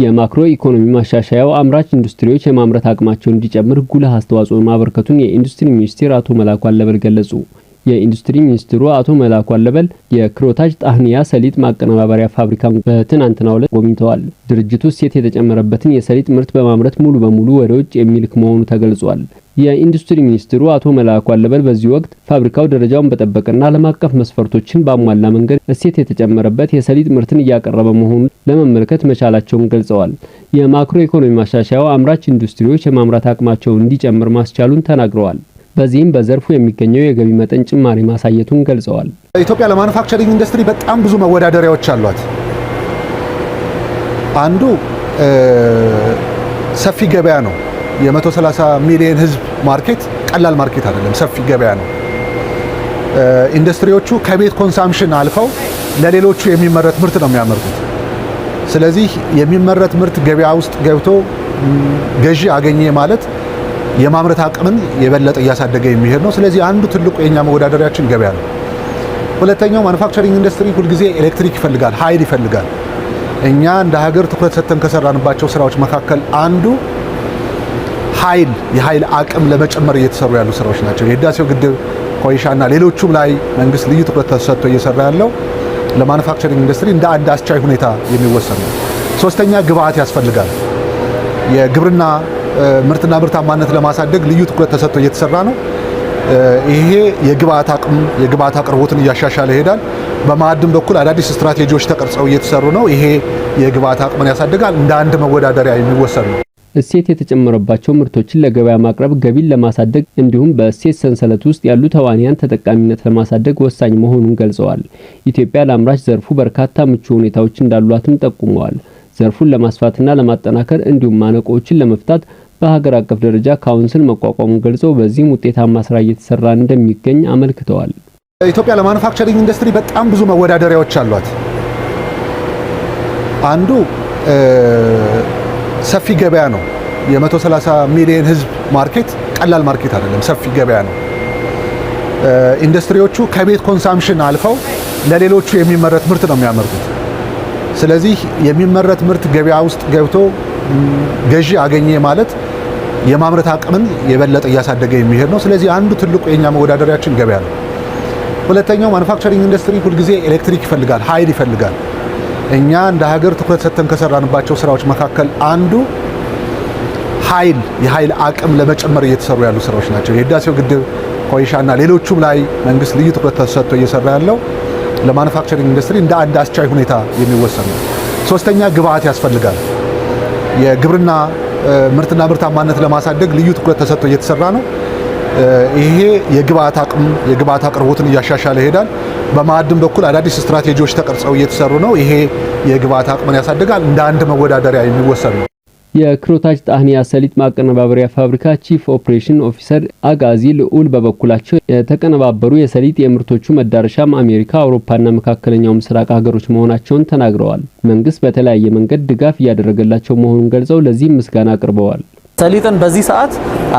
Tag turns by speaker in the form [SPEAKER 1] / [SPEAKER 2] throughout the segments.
[SPEAKER 1] የማክሮ ኢኮኖሚ ማሻሻያው አምራች ኢንዱስትሪዎች የማምረት አቅማቸው እንዲጨምር ጉልህ አስተዋጽኦ ማበርከቱን የኢንዱስትሪ ሚኒስቴር አቶ መላኩ አለበል ገለጹ። የኢንዱስትሪ ሚኒስትሩ አቶ መላኩ አለበል የክሮታጅ ጣህኒያ ሰሊጥ ማቀነባበሪያ ፋብሪካን በትናንትናው ዕለት ጎብኝተዋል። ድርጅቱ እሴት የተጨመረበትን የሰሊጥ ምርት በማምረት ሙሉ በሙሉ ወደ ውጭ የሚልክ መሆኑ ተገልጿል። የኢንዱስትሪ ሚኒስትሩ አቶ መላኩ አለበል በዚህ ወቅት ፋብሪካው ደረጃውን በጠበቀና ዓለም አቀፍ መስፈርቶችን ባሟላ መንገድ እሴት የተጨመረበት የሰሊጥ ምርትን እያቀረበ መሆኑን ለመመልከት መቻላቸውን ገልጸዋል። የማክሮ ኢኮኖሚ ማሻሻያው አምራች ኢንዱስትሪዎች የማምራት አቅማቸውን እንዲጨምር ማስቻሉን ተናግረዋል። በዚህም በዘርፉ የሚገኘው የገቢ መጠን ጭማሪ ማሳየቱን ገልጸዋል።
[SPEAKER 2] ኢትዮጵያ ለማኑፋክቸሪንግ ኢንዱስትሪ በጣም ብዙ መወዳደሪያዎች አሏት። አንዱ ሰፊ ገበያ ነው። የ130 ሚሊዮን ህዝብ ማርኬት ቀላል ማርኬት አይደለም፣ ሰፊ ገበያ ነው። ኢንዱስትሪዎቹ ከቤት ኮንሳምሽን አልፈው ለሌሎቹ የሚመረት ምርት ነው የሚያመርቱት። ስለዚህ የሚመረት ምርት ገበያ ውስጥ ገብቶ ገዢ አገኘ ማለት የማምረት አቅምን የበለጠ እያሳደገ የሚሄድ ነው። ስለዚህ አንዱ ትልቁ የኛ መወዳደሪያችን ገበያ ነው። ሁለተኛው ማኑፋክቸሪንግ ኢንዱስትሪ ሁልጊዜ ኤሌክትሪክ ይፈልጋል፣ ኃይል ይፈልጋል። እኛ እንደ ሀገር ትኩረት ሰጥተን ከሰራንባቸው ስራዎች መካከል አንዱ ኃይል የኃይል አቅም ለመጨመር እየተሰሩ ያሉ ስራዎች ናቸው። የህዳሴው ግድብ ኮይሻና ሌሎቹም ላይ መንግስት ልዩ ትኩረት ተሰጥቶ እየሰራ ያለው ለማኑፋክቸሪንግ ኢንዱስትሪ እንደ አንድ አስቻይ ሁኔታ የሚወሰን ነው። ሶስተኛ ግብአት ያስፈልጋል። የግብርና ምርትና ምርታማነት ለማሳደግ ልዩ ትኩረት ተሰጥቶ እየተሰራ ነው። ይሄ የግብአት አቅም የግብአት አቅርቦትን እያሻሻለ ይሄዳል። በማዕድን በኩል አዳዲስ ስትራቴጂዎች ተቀርጸው እየተሰሩ ነው። ይሄ የግብአት አቅምን ያሳድጋል። እንደ አንድ መወዳደሪያ የሚወሰድ ነው።
[SPEAKER 1] እሴት የተጨመረባቸው ምርቶችን ለገበያ ማቅረብ ገቢን ለማሳደግ እንዲሁም በእሴት ሰንሰለት ውስጥ ያሉ ተዋንያን ተጠቃሚነት ለማሳደግ ወሳኝ መሆኑን ገልጸዋል። ኢትዮጵያ ለአምራች ዘርፉ በርካታ ምቹ ሁኔታዎች እንዳሏትም ጠቁመዋል። ዘርፉን ለማስፋትና ለማጠናከር እንዲሁም ማነቆዎችን ለመፍታት በሀገር አቀፍ ደረጃ ካውንስል መቋቋሙን ገልጸው በዚህም ውጤታማ ስራ እየተሰራ እንደሚገኝ አመልክተዋል።
[SPEAKER 2] ኢትዮጵያ ለማኑፋክቸሪንግ ኢንዱስትሪ በጣም ብዙ መወዳደሪያዎች አሏት። አንዱ ሰፊ ገበያ ነው። የ130 ሚሊዮን ህዝብ ማርኬት ቀላል ማርኬት አይደለም፣ ሰፊ ገበያ ነው። ኢንዱስትሪዎቹ ከቤት ኮንሳምፕሽን አልፈው ለሌሎቹ የሚመረት ምርት ነው የሚያመርቱት። ስለዚህ የሚመረት ምርት ገበያ ውስጥ ገብቶ ገዢ አገኘ ማለት የማምረት አቅምን የበለጠ እያሳደገ የሚሄድ ነው። ስለዚህ አንዱ ትልቁ የኛ መወዳደሪያችን ገበያ ነው። ሁለተኛው ማኑፋክቸሪንግ ኢንዱስትሪ ሁልጊዜ ኤሌክትሪክ ይፈልጋል፣ ኃይል ይፈልጋል። እኛ እንደ ሀገር ትኩረት ሰጥተን ከሰራንባቸው ስራዎች መካከል አንዱ ኃይል የኃይል አቅም ለመጨመር እየተሰሩ ያሉ ስራዎች ናቸው። የህዳሴው ግድብ ኮይሻና ሌሎቹም ላይ መንግስት ልዩ ትኩረት ተሰጥቶ እየሰራ ያለው ለማኑፋክቸሪንግ ኢንዱስትሪ እንደ አንድ አስቻይ ሁኔታ የሚወሰን ነው። ሶስተኛ ግብአት ያስፈልጋል። የግብርና ምርትና ምርታማነት ለማሳደግ ልዩ ትኩረት ተሰጥቶ እየተሰራ ነው። ይሄ የግብአት አቅም የግብአት አቅርቦትን እያሻሻለ ይሄዳል። በማዕድን በኩል አዳዲስ ስትራቴጂዎች ተቀርጸው እየተሰሩ ነው። ይሄ የግብአት አቅምን ያሳድጋል። እንደ አንድ መወዳደሪያ የሚወሰን ነው።
[SPEAKER 1] የክሮታጅ ጣህኒያ ሰሊጥ ማቀነባበሪያ ፋብሪካ ቺፍ ኦፕሬሽን ኦፊሰር አጋዚ ልዑል በበኩላቸው የተቀነባበሩ የሰሊጥ የምርቶቹ መዳረሻም አሜሪካ፣ አውሮፓና መካከለኛው ምስራቅ ሀገሮች መሆናቸውን ተናግረዋል። መንግስት በተለያየ መንገድ ድጋፍ እያደረገላቸው መሆኑን ገልጸው ለዚህም ምስጋና አቅርበዋል።
[SPEAKER 3] ሰሊጥን በዚህ ሰዓት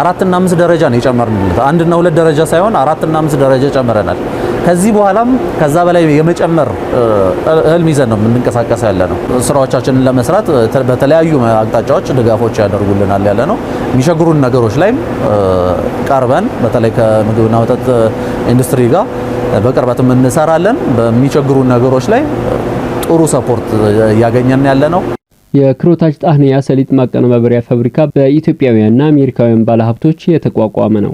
[SPEAKER 3] አራትና አምስት ደረጃ ነው የጨመርንለት። አንድና ሁለት ደረጃ ሳይሆን አራትና አምስት ደረጃ ጨምረናል። ከዚህ በኋላም ከዛ በላይ የመጨመር ህልም ይዘን ነው የምንንቀሳቀስ ያለ ነው። ስራዎቻችንን ለመስራት በተለያዩ አቅጣጫዎች ድጋፎች ያደርጉልናል ያለ ነው። የሚቸግሩን ነገሮች ላይም ቀርበን በተለይ ከምግብና መጠጥ ኢንዱስትሪ ጋር በቅርበትም እንሰራለን። በሚቸግሩን ነገሮች ላይ ጥሩ ሰፖርት እያገኘን ያለ ነው።
[SPEAKER 1] የክሮታች ጣህንያ ሰሊጥ ማቀነባበሪያ ፋብሪካ በኢትዮጵያውያንና አሜሪካውያን ባለሀብቶች የተቋቋመ ነው።